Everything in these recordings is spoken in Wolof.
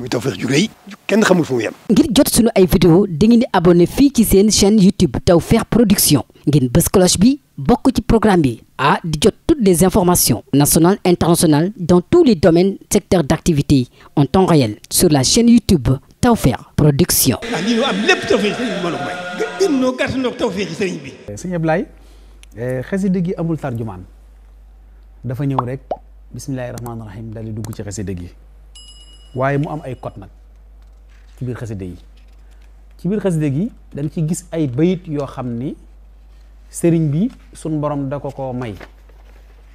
muy Tawfekh ju rëy kenn xamul fu mu yem. ngir jot sunu ay vidéo dangeen di abonné fii ci seen chaîne YouTube Tawfekh Production ngeen bës cloche bi bokk ci programme bi ah di jot toutes les informations national internationales dans tous les domaines secteurs d'activité en temps réel sur la chaîne YouTube Tawfekh Production. ah lii ñu am lépp Tawfekh sëriñ bi ma la may. gën gën ñoo gàtt ñoo Tawfekh sëriñ bi. Eh, sëñ Ablaye eh, xasida amul tarjumaan dafa ñëw rek bismillahi rahmaani rahim daal di dugg ci xasida gi. waaye mu am ay kot nag ci biir xaside yi ci biir xaside gi dañ ci gis ay bayit yoo xam ni sëriñ bi suñ borom da ko ko may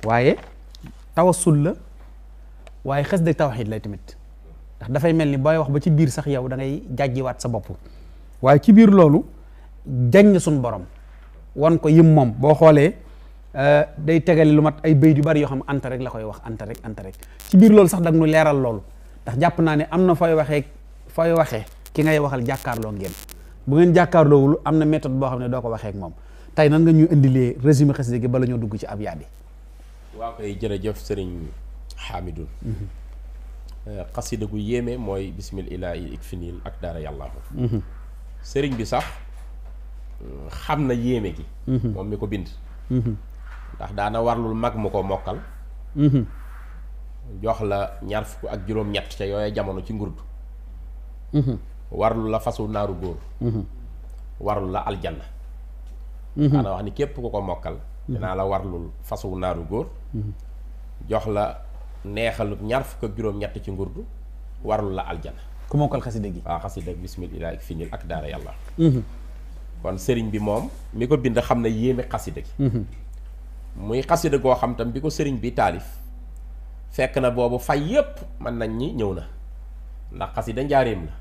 waaye sul la waaye xaside tawxiid lay tamit ndax dafay mel ni booy wax ba ci biir sax yow da ngay jàjjiwaat sa bopp waaye ci biir loolu jañ suñ borom wan ko yim moom boo xoolee euh, day tegale lu mat ay bayit yu bari yoo xam anta rek la koy wax anta rek anta rek ci biir loolu sax dag nu leeral loolu ndax jàpp naa ne am na fooy waxee fooy waxee ki ngay waxal jàkkaarloo ngeen bu ngeen jàkkaarloowul am na méthode boo xam ne doo ko waxee moom tey nan nga ñuy indilee résumé xasida gi bala ñoo dugg ci ab yaabi waaw jërëjëf sëriñ Hamidou mhm. euh, gu yéeme mooy bismil ilaahi ikfinil ak daara yàllaahu mhm. sëriñ bi sax euh, xam na yéeme gi mhm. moom mi ko bind ndax daana warlul mag mu ko mokkal jox la ñaar fukk ak juróom-ñett ca yooya jamono ci ngurdu mhm. warlu la fasu naaru góor mhm. warlu la aljanna mhm. ana wax ni képp ku ko mokkal dinaa la warlul fasu naaru góor jox la neexalu ñaar fukk ak juróom-ñett ci ngurdu warlu la aljanna ku mokkal xasida gi waaw xasida gi bismillah ak ak daara yàlla kon sëriñ bi moom mi ko bind xam na yéeme xasida gi muy xasida goo xam tam bi ko sëriñ bi taalif fekk na boobu fay yépp mën nañ ñi ñëw na ndax xas yi da njaareem la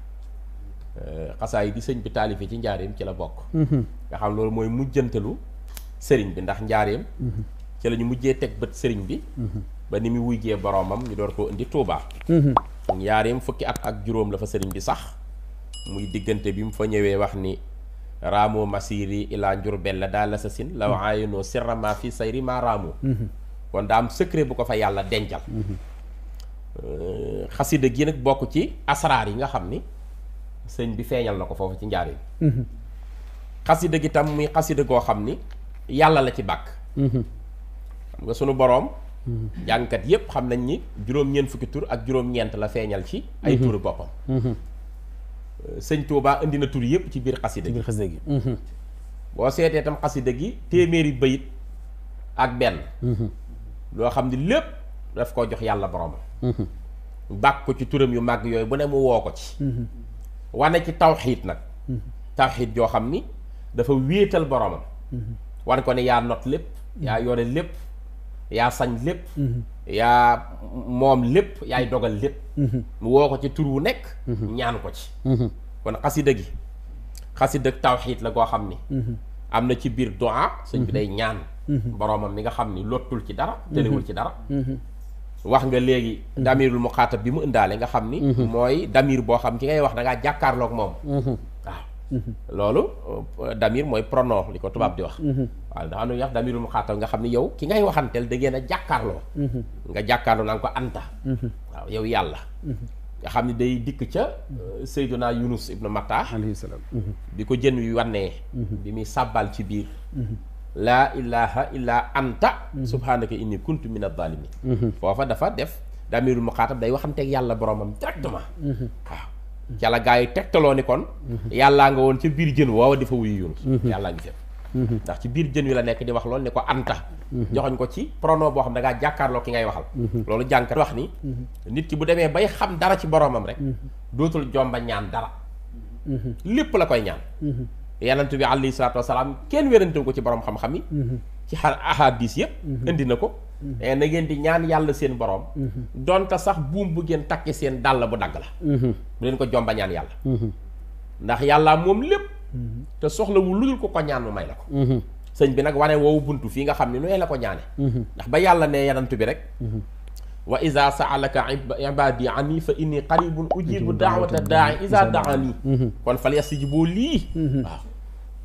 euh, xasaay di sëñ bi taalifi ci njaareem ci la bokk mhm. nga xam loolu mooy mujjantalu sëriñ bi ndax njaareem mhm. ci la mujjee teg bët sëriñ bi mhm. ba ni mu wujjee boroomam ñu door koo indi Tuubaa njaareem fukki at ak juróom la fa sëriñ bi sax muy diggante bi mu fa ñëwee wax ni raamoo masiri ilaa njurbel la daal la sa sin law aayonoo sirrama fi sayri ma raamoo kon daa am bu ko fa yàlla dencal mhm. euh, xasida gi nag bokk ci asraar yi nga xam ni sëñ bi feeñal na ko foofu ci njaar yi mhm. xasida gi tam muy xasida goo xam ni yàlla la ci bàkk mhm. xam nga sunu boroom jàngkat yépp xam nañ ni juróom-ñeent fukki tur ak juróom-ñeent la feeñal ci ay turu boppam euh, sëñ Tuubaa indi na tur yépp ci biir xasida gi biir xasida gi boo seetee tam xasida gi téeméeri bayit ak benn loo xam ni lépp daf koo jox yàlla boroomam mhm. bàkk ko ci turam yu màgg yooyu bu ne mu woo ko ci mhm. wane ci tawxiit nag mhm. tawxiit joo xam ni dafa wéetal boroomam wan ko ne yaa not lépp yaa yore lépp yaa sañ lépp yaa moom lépp yaay dogal lépp mu woo ko ci tur wu nekk ñaan ko ci kon xasida gi xasida tawxiit la goo xam ni am na ci biir du'a sëñ bi day ñaan Mm-hmm. boroomam mi nga xam ni lottul ci dara mm-hmm. tëlewul ci dara mm-hmm. wax nga léegi damirul muxaatab bi mu indaale nga xam ni mooy damir boo xam ki ngay wax da ngaa moom loolu euh, damir mooy pronom li ko tubaab di wax waaw na ñuy wax damirul muxaatab nga xam ni yow ki ngay waxanteel da ngeen a jàkkaarloo nga jàkkaarloo naan ko anta waaw yow yàlla nga xam ni day dikk ca euh, Seyduna Yunus ibnu Matta alayhi salaam bi ko jën wi wannee bi muy sàbbal ci biir laa ilaha illa anta subhanaka inni kuntu min adh-dhalimin foofa dafa def damirul muxaatab day waxanteeg yàlla boromam directement waaw ca la gaa yi tegtaloo ni kon yàllaa nga woon ca biir jën woowa dafa wuyu yunus yàllaa ngi fépp ndax ci biir jën wi la nekk di wax loolu ni ko anta joxoñ ko ci pronom boo xam da ngaa jàkkaarloo ki ngay waxal loolu jànkat wax ni nit ki bu demee bay xam dara ci boromam rek dootul jomba ñaan dara lépp la koy ñaan yanantu bi alayhi salaatu wasalaam kenn wérantewu ko ci borom xam-xam yi mhm. ci xar ahadis yëpp mhm. indi na ko mhm. eh, na ngeen di ñaan yàlla seen borom donte sax buum bu ngeen takki seen dàll bu dagg la bu leen ko jomba ñaan yàlla ndax yàlla moom lépp te soxlawu lu dul ko ko ñaan mu may la ko sëñ bi nag wane woowu buntu fii nga xam ne nu la ko ñaane ndax ba yàlla ne yanantu bi rek sa wa iza saalaka ibadi ani fa inni qaribun ujibu daawata daai iza daani mm-hmm. kon fal yastajibu lii mm-hmm. waaw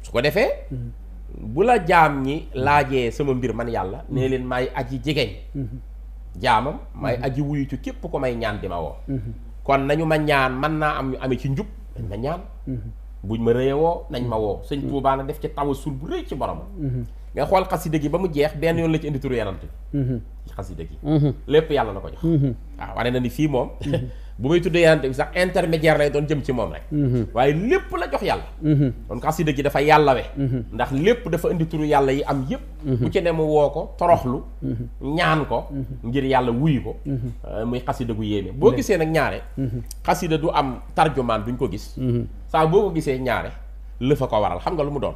su ko defee mm-hmm. bu la jaam ñi laajee sama mbir man yàlla nee leen maay aji jegeñ jaamam maay aji wuyu ci képp ko may ñaan di ma woo kon nañu ma ñaan mën naa am ñu amee ci njub nañ ma ñaan buñ ma rëye woo nañ ma woo sëñ Tuubaa na def ci tawasul bu rëy ci boromam nga xool xasida gi ba mu jeex benn yoon la ci indi turu yonent bi mhm. ci xasida gi mhm. lépp yàlla la ko jox mhm. waaw wane na ni fii moom bu muy tuddee yonent bi sax intermédiaire lay doon jëm ci moom rek waaye lépp la jox yàlla kon xasida gi dafa we ndax lépp dafa indi turu yàlla yi am yëpp bu ci ne mu woo ko toroxlu ñaan ko ngir yàlla wuyu ko euh, muy xasida gu yéeme boo gisee nag ñaare xasida du am tarjumaan ñu ko gis saa boo ko gisee ñaare lëfa ko waral xam nga lu mu doon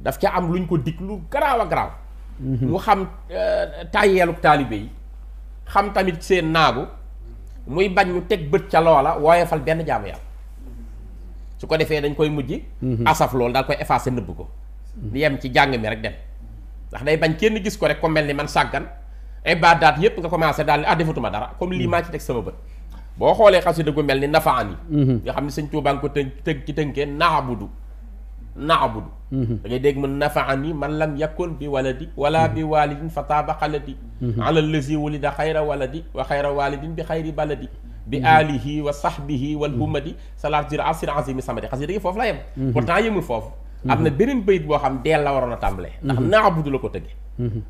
daf ca am lu luñ ko dig lu garaaw a garaaw. mu xam euh, tàyyeeluk taalibe yi xam tamit seen naagu muy bañ mu teg bët ca loola wooyefal benn jaamu yàlla su ko defee dañ koy mujj mhm. asaf loolu daal koy effacé nëbb ko li yem ci jàng mi rek dem ndax day bañ kenn gis ko rek ko mel ni man sàggan ibaadaat yépp nga commencé daal ni ah defatuma dara comme lii mhm. maa ci teg sama bët boo xoolee xasida gu mel ni nafaan yi mhm. nga xam ne sëñ Tuubaa nga ko tënk ci tënkee naabudu naabudu mhm. da ngay dégg man nafaani man lam yakun bi waladi wala bi mhm. walidin fa taaba xaladi mhm. ala lazi wulida xayra waladi wa xayra walidin bi xayri baladi bi alihi wa sahbihi wal humadi salaat jir asir azimi samadi xasida gi foofu la yem pourtant yemul foofu am na beneen bayit boo xam deel la waroon a tàmbalee ndax naabudu la ko tëggee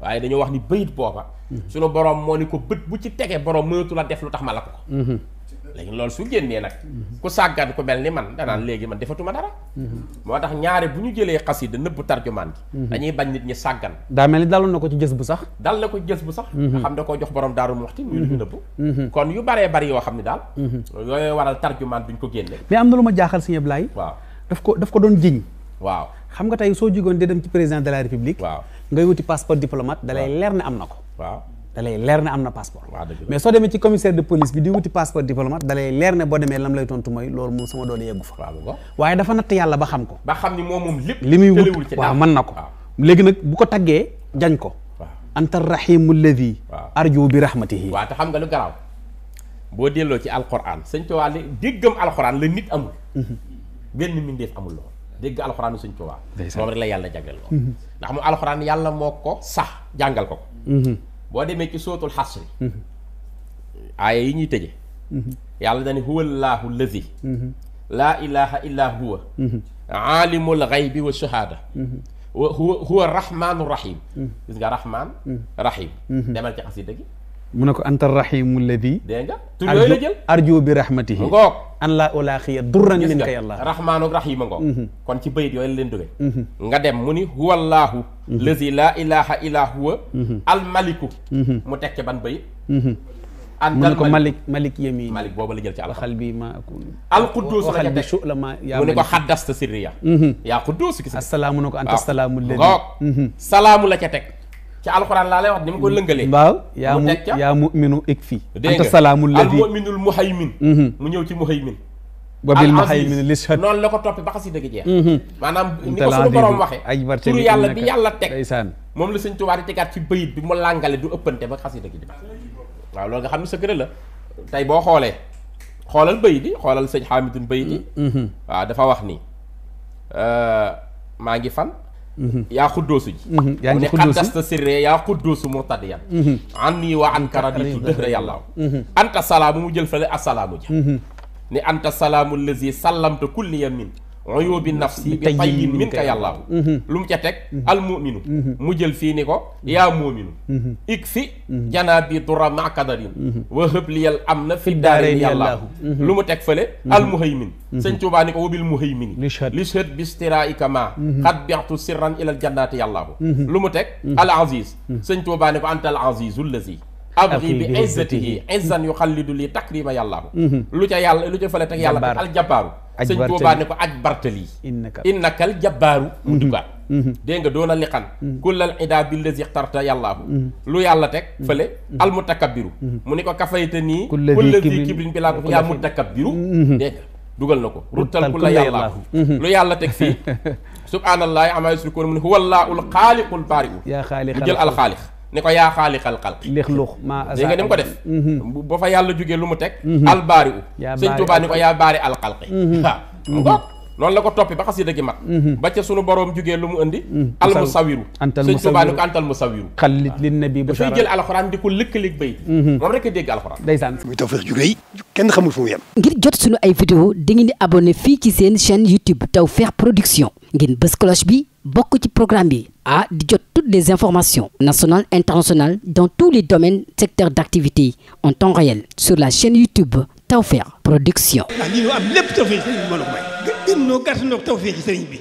waaye dañoo wax ni bayit booba suñu borom moo ni ko bët bu ci tege borom mënatu la def lu tax ma la ko léegi loolu su génnee nag ku sàggan ku mel ni man danaan léegi man defatuma dara moo tax ñaare bu ñu jëlee xas yi xasida nëbb tarjumaan gi dañuy bañ nit ñi sàggan daa mel ni daloon na ko ci jës bu sax dal na ko ci jës bu sax nga mhm. xam ne koo jox borom daaru mu waxti muy lu ñu mhm. nëbb mhm. kon yu baree bari yoo xam ne daal yooyu waral tarjumaan duñ ko génne mais am na lu ma jaaxal sëñ Ablaye waaw daf ko daf ko doon jiñ waaw xam nga tey soo jigoon di dem ci président de la république waaw ngay wuti passeport diplomate dalay leer ne am na ko waaw da leer ne am na passeport mais soo demee ci commissaire de police bi di wuti passeport diplomate da leer ne boo demee lam lay tontu mooy loolu moom sama doole yeggu fa waaye dafa natt yàlla ba xam ko ba xam ni moom moom lépp li muy wut waaw mën na ko léegi nag bu ko taggee jañ ko anta rahimu lladi arju bi rahmatihi waaw te xam nga lu garaaw boo delloo ci alquran sëñ Tuubaa li déggam alquran la nit amul mhm. benn mbindeef amul loolu dégg alxuraanu sëñ Tuubaa moom rek la yàlla jagleel ko mhm. ndax moom alxuraan yàlla moo ko sax jàngal ko ko mhm. boo demee ci sootul xasri mhm. aaya yi ñuy tëje mhm. yàlla dani mhm. huwa allaahu lazi laa ilaha illa huwa aalimul xaybi wa shahaada huwa huwa rahmaanu rahim gis nga rahmaan rahim demal ci xasida gi mu ne ko anta rahimu alladi dégg nga tur yooyu la jël arjo bi rahmatihi ngoog an laa olaaxiya durran min ka yàlla rahmaanu rahim a ngo mhm. kon ci bayit yooyu la leen duggee mhm. nga dem mu ni huwa allaahu mhm. lazi laa ilaha illa huwa almaliku mu tekke ban bayit antal ko malik malik yamin malik boobu la jël ci al xal bi ma akun al quddus la bi shu la ma yaa mu ne ko xaddasta sirriya yaa quddus gis asalaamu na ko anta salaamu leen salaamu la ca teg ci alxuraan laa lay wax ni ma ko lëngalee. waaw yaa mu yaa mu'minu ik fii. dégg nga anta salaamul ladi al mu'minul muhaymin mm-hmm. mu ñëw ci muhaymin wabil muhaymin li shat noonu la ko toppee ba xasida gi jeex. Mm-hmm. maanaam ni ko suñu borom waxee. ay barke turu yàlla bi yàlla teg. moom la sëñ Tuubaa di tegaat ci bayit bi mu làngalee du ëppante ba xasida gi jeex. waaw loolu nga xam ne secret la tey boo xoolee xoolal bayit yi xoolal sëñ Xaamidun bayit yi. Mm-hmm. waaw dafa wax ni euh, maa ngi fan. Mm-hmm. yaa xuddoosu ji mm-hmm. yaa ngi xuddoosu xaddasta sirree yaa xuddoosu murtadiyan mm-hmm. an nii wa an karaditu dëhra yàlla anta salaamu mu jël fale asalaamu ja ni anta salaamu lazi sallamta kulli yamin uyubi nafsi bi tayyin min ka yàllaahu mhm. lu mu ca teg mhm. almuminu mhm. mu jël fii ni ko yaa muuminu ik fi janaabi dura ma kadarin wa hëbliyal am na fi daareen yàllaahu lu mu teg fële almuhaymin sëñ Tuubaa ni ko wabil muhaymini lishet bistiraika ma xat bextu sirran ilal jannaati yàllaahu lu mu teg al aziz sëñ Tuubaa ni ko anta al azizul lazi abri bi izzatihi izzan yuxallidu li takrima yàllaahu lu ca yàlla lu ca fële teg yàlla teg al jabbaaru aj sëñ Tuubaa ne ko aj bartali innakal jabbaaru mm-hmm. mu duggaat mm-hmm. dégg nga doon a liqan mm-hmm. kullal ida billazi ixtarta lu yàlla teg fële al mutakabbiru mu ni ko kafayta nii kullazi kibrin bi laa yaa mutakabbiru dégg nga dugal na ko ruttal kulla yàllaahu lu yàlla teg fii subhaanallaahi amaa yusrikuun mu ne huwa allaahul xaaliqul baariu mu jël al xaaliq ne ko yaa xaaliqal xalq lix lux ma dégg nga ni mm-hmm. fa yàlla jógee lu mu teg mm-hmm. Mm-hmm. al baari u sëñ Tuubaa ni ko yaa baari al xalqi waaw noonu la ko toppi ba xasida gi mat ba ca sunu borom jógee lu mu indi al musawiru sëñ Tuubaa ni ko antal musawiru xalit lin nabi bu dafay jël alxuraan di ko lëkkaleeg bayit moom rek a dégg alxuraan ndeysaan muy tawfeex ju rëy kenn ngir jot sunu ay vidéo di ngeen di abonné fii ci seen chaîne YouTube Tawfekh Production ngeen bës cloche bi bokk ci programme bi ah di jot toutes les informations nationales internationales dans tous les domaines secteurs d'activité en temps réel sur la chaîne YouTube Tawfekh Production. ah lii loo am lépp tawfeex ci bi mbooloo mooy. gën gën ñoo gàtt ci sëriñ bi.